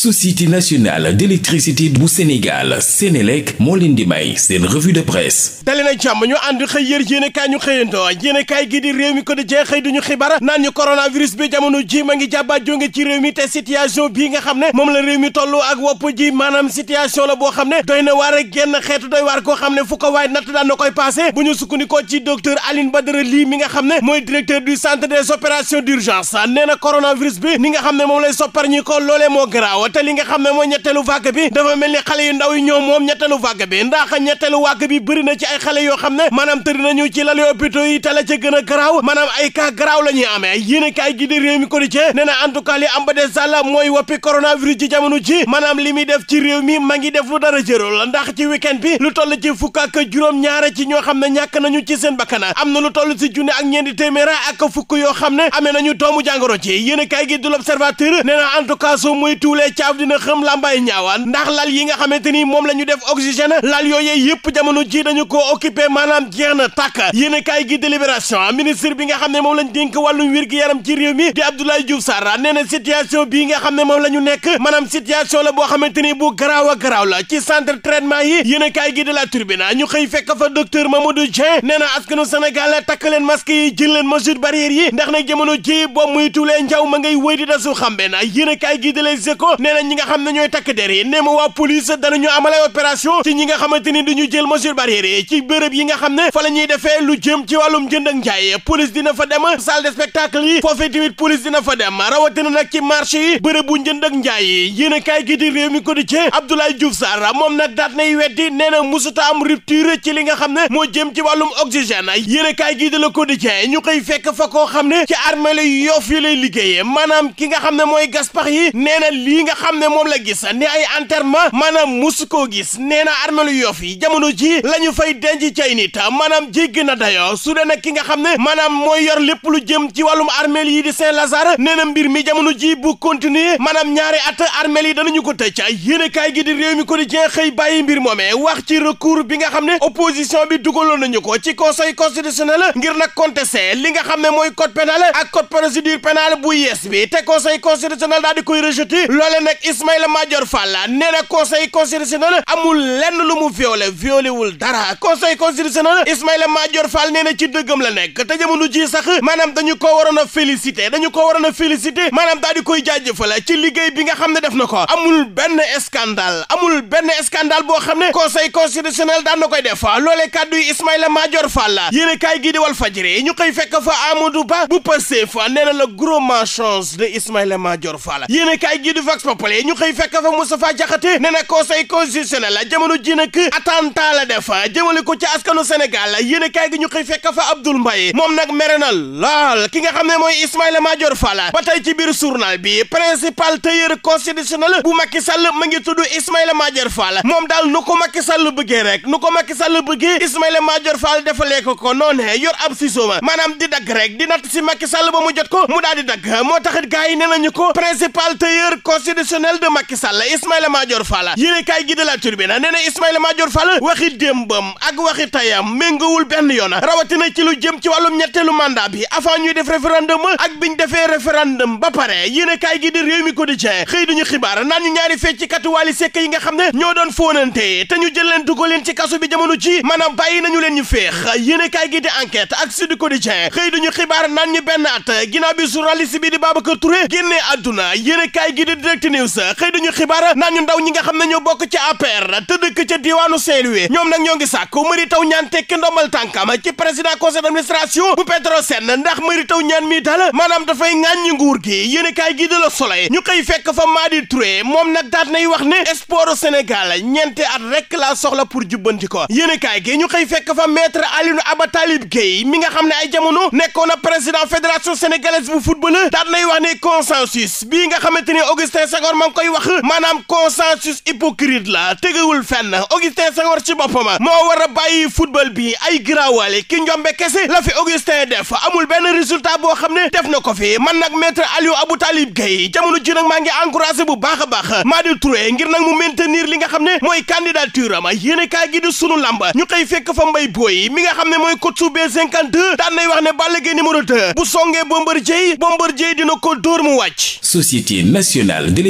société nationale d'électricité bu Sénégal Sénélec moo leen di may seen revue de presse dali na jàmm ñu ànd xëy yër yéenekaay ñu xëyandoo yéenekaay gi di réew mi ko di jeex xëy duñu xibaar naan ñu coronavirus bi jamono ji ma ngi jàbbaat jónge ci réew mi te situation bii nga xam ne moom la réew mi toll ak wopp ji maanaam situation la boo xam ne doy na waar ak genn xeetu doy waar koo xam ne fu ko waay natt daan na koy passé bu ñu sukkandikoo nga xam ne mooy directeur du centre des opérations d'urgence nee na coronavirus bi ni nga xam ne moom lay sopparñi te li nga xam ne mooy ñetteelu vague bi dafa mel ni xale yu ndaw yi ñoom moom ñetteelu vague bi ndax ñetteelu vague bi bëri na ci ay xale yoo xam ne maanaam tëdd nañu ci lal hôpitaux yi te la ca gën garaaw maanaam ay cas garaaw la ñuy amee yéen kaay gi di réew mi quotidien nee na en tout cas li am ba des sàll mooy woppi coronavirus ci jamono ji maanaam li muy def ci réew mi ma ngi def lu dara la ndax ci week-end bi lu toll ci fukk ak juróom ñaare ci ñoo xam ne ñàkk nañu ci seen bakkan am na lu toll si junne ak ñeenti téeméer ak fukk yoo xam ne amee nañu doomu jàngoro ci yéen kaay gi du l'observateur nee na en tout cas soo muy tuulee caaf dina xëm làmbaay ñaawaan ndax lal yi nga xamante ni moom la ñu def oxygène lal yooyu yëpp jamono ji dañu ko occupé maanaam jeex na tàkk yéen kaay gi délibération ministre bi nga xam ne moom lañ dénk wallu wér gi yaram ci réew mi di Abdoulaye Diouf Sarr nee na situation bii nga xam ne moom la ñu nekk maanaam situation la boo xamante ni bu garaaw a garaaw la ci centre traitement yi yéen kaay gi de la Tribune ñu xëy fekk fa docteur Mamadou Dieng nee na askanu Sénégal takk leen masque yi jël leen mesure barrière ndax nag jamono ji boo muy tulee njaw ma ngay wéy di dasu xambe na yéen kaay gi de Les nee na ñi nga xam ne ñooy takk der yi nee ma waa police danañu amal ay opération ci ñi nga xamante ni dañu jël mesure barrière yi ci bërëb yi nga xam ne fa la ñuy defee lu jëm ci wàllum jënd ak njaay police dina fa dem salle de spectacle yi foofee tamit police dina fa dem rawatina nag ci marché yi bërëb bu njënd ak njaay yi yéen a kaay gi di réew mi quotidien Abdoulaye Diouf Sarr moom nag daat nay weddi nee na musuta am rupture ci li nga xam ne moo jëm ci wàllum oxygène yéen a kaay gi di la quotidien ñu koy fekk fa koo xam ne ci armée la yoof yi lay liggéeyee maanaam ki nga xam ne mooy gaspax xam ne moom la gis ne ay enterrement maanaam musu koo gis nee na armeelu Yoff yi jamono ji la ñu fay denc ci ay nit maanaam jéggi na dayoo su dee nag ki nga xam ne maanaam mooy yor lépp lu jëm ci wàllum armeel yi di Saint-Lazare nee na mbir mi jamono ji bu continuer maanaam ñaari at armeel yi danañu ko tëj yéenekaay gi di réew mi quotidien xëy bàyyi mbir moomee wax ci recours bi nga xam ne opposition bi dugaloon nañu ko ci conseil constitutionnel ngir na nag contester li nga xam ne mooy code pénal ak code procédure pénale bu yees bi te di koy rejeté loole nag Ismaïla Madior Fall nee na conseil constitutionnel amul lenn lu mu violé violé wul dara conseil constitutionnel Ismaïla Madior Fall nee na ci dëggam la nekk te jamono ji sax maanaam dañu ko waroon a félicité dañu ko waroon a félicité maanaam daal di koy jaajëfal ci liggéey bi nga xam ne def na ko amul benn scandale amul benn scandale boo xam ne conseil constitutionnel daan na koy def loolee loole yi Ismaïla Madior Fall yéen kaay gii di Walf Fadjri ñu koy fekk fa Amadou Ba bu Pastef nee la gros malchance de Ismaïla Madior noppale ñu xëy fekk fa Moustapha Diakhaté ne na conseil constitutionnel la jamono ji nag attentat la def jëmale ko ci askanu Sénégal yéen a kaay gi ñu xëy fekk fa Abdoul Mbaye moom nag mere na lool ki nga xam ne mooy Ismaïla Madior Fall ba tey ci biir journal bi principal tailleur constitutionnel bu Macky Sall ma ngi tudd Ismaïla Madior Fall moom daal nu ko Macky Sall bëggee rek nu ko Macky Sall bëggee Ismaïla Madior Fall defalee ko ko noonu yor ab ciseau ma maanaam di dagg di natt si Macky jot ko mu daal moo taxit gars yi nee exceptionnel de Macky Sall Ismaïla Madior Fall gi de la Tribune nee na Ismaïla Madior Fall waxi démbam ak waxi tayam méngoowul benn yoon rawatina ci lu jëm ci wàllum ñetteelu mandat bi avant ñuy def référendum ak biñ defee référendum ba pare yéene kaay gi di réew mi quotidien xëy duñu xibaar naan ñu ñaari feccikatu Wally Seck yi nga xam ne ñoo doon fóonante te ñu jël leen dugal leen ci kaso bi jamono ci maanaam bàyyi nañu leen ñu féex yéene k gi di enquête ak Sud Quotidien xëy duñu xibaar naan ñu benn at ginnaaw bi journaliste bi gi news xëy dañu xibaar naan ñu ndaw ñi nga xam ne ñoo bokk ca APR te dëkk ca diwaanu Saint-Louis ñoom nag ñoo ngi sàkku Mary Teuw Niane tekki ndombal tànkam ci président conseil d'administration bu Petrosen ndax Mary Teuw Niane mi daal maanaam dafay ŋàññi nguur gi yéen gi de la ñu xëy fekk fa Madi Touré moom nag daat nay wax ne sport Sénégal ñeenti at rek laa soxla pour jubbanti ko yéen gi ñu xëy fekk fa maître Alioune Aba Talib Gueye mi Senghor ma ngi koy wax maanaam consensus hypocrite la tegewul fenn Augustin Senghor ci boppam moo war bàyyi football bi ay giraawaale ki njombe kese la fi Augustin def amul benn résultat boo xam ne def na ko fi man nag maître Aliou Abou Talib Gueye jamono ji nag maa ngi encouragé bu baax a baax Madi Touré ngir nag mu maintenir li nga xam ne mooy candidature am yéen kaa gi di sunu lamba ñu koy fekk fa mbay booy mi nga xam ne mooy coach bu B52 daan wax ne Balla Gaye numéro 2 bu songee Bombardier Bombardier dina ko dóor mu wàcc société nationale de